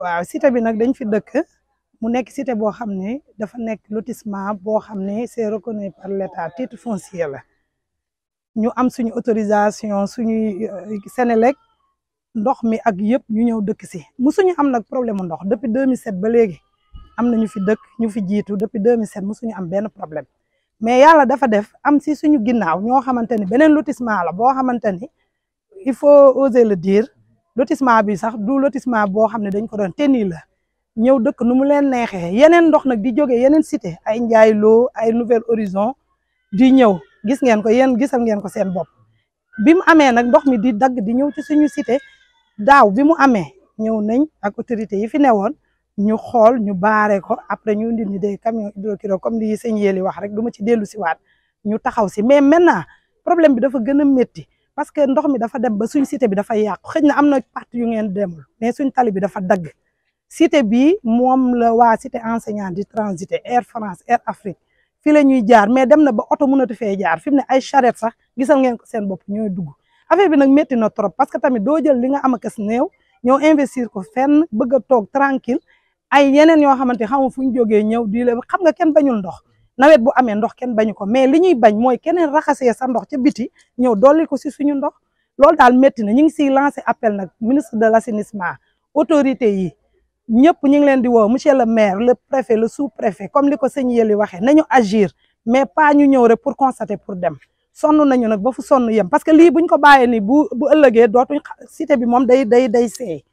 waaw cité bi nag dañ fi dëkk mu nekk cité boo xam ne dafa nekk lotissement boo xam ne c'est reconnu par l'état titre foncier la ñu am suñu autorisation suñuy euh, Sénélec ndox mi ak yëpp ñu ñëw dëkk si musuñu am nag problème ndox depuis 2007 ba léegi am na ñu fi dëkk ñu fi jiitu depuis 2007 suñu am benn problème mais yàlla dafa def am si suñu ginnaaw ñoo xamante ni beneen lotissement la boo xamante ni il faut oser le dire lotissement bi sax du lotissement boo xam ne dañ ko doon tenni la ñëw dëkk nu mu leen neexee yeneen ndox nag di jógee yeneen cité ay Ndiaye Lo ay nouvelle Horizon di ñëw gis ngeen ko yéen gisal ngeen ko seen bopp bi mu amee nag ndox mi di dagg di ñëw ci suñu cité daaw bi mu amee ñëw nañ ak autorité yi fi newoon ñu xool ñu baare ko après ñu indil ñu des camions hydrocureurs comme se sëñ Yéli wax rek du ma ci dellu si waat ñu taxaw si mais maintenant problème bi dafa gën a métti parce que ndox mi dafa dem ba suñ cité bi dafa yaq xejna amna parti yu ngeen demul mais suñ tali bi dafa dag cité bi mom la wa cité enseignant di transité Air France Air Afrique fi la ñuy jaar mais dem na ba oto mënatu fee jaar fimné ay charrette sax gisal ngeen ko seen bop ñoy dugg affaire bi nak metti na trop parce que tamit do jël li nga am ak investir ko fenn bëgg tok tranquille ay yenen ño xamanté xamu fu joggé ñew di la xam nga kenn bañul ndox nawet bu amee ndox kenn bañu ko mais li ñuy bañ mooy keneen raxasee sa ndox ca biti ñëw dolli ko si suñu ndox loolu daal métti na ñu ngi siy lancé appel nag ministre de l' assainissement autorité yi ñëpp ñu ngi leen di woo monsieur le maire le préfet le sous préfet comme li ko sëñ Yeli waxee nañu agir mais pa ñu ñëw rek pour constater pour dem sonn nañu nag ba fu sonn yem parce que lii buñ ko bàyyee ni bu bu ëllëgee dootuñ cité bi moom day day day seey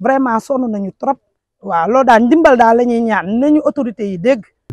vraiment sonn nañu trop waaw loolu daal ndimbal daal la ñuy ñaan nañu autorité yi dégg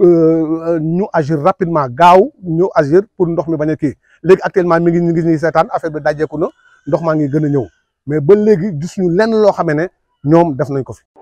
Euh, euh, ñu agir rapidement gaaw ñu agir pour ndox mi bañ a kii actuellement mi ngi ñu ngi ñuy seetaan affaire bi dajeeku na ndox ma ngi gëna a ñëw mais ba légui gis ñu lenn lo xamé né ñom def nañ ko fi.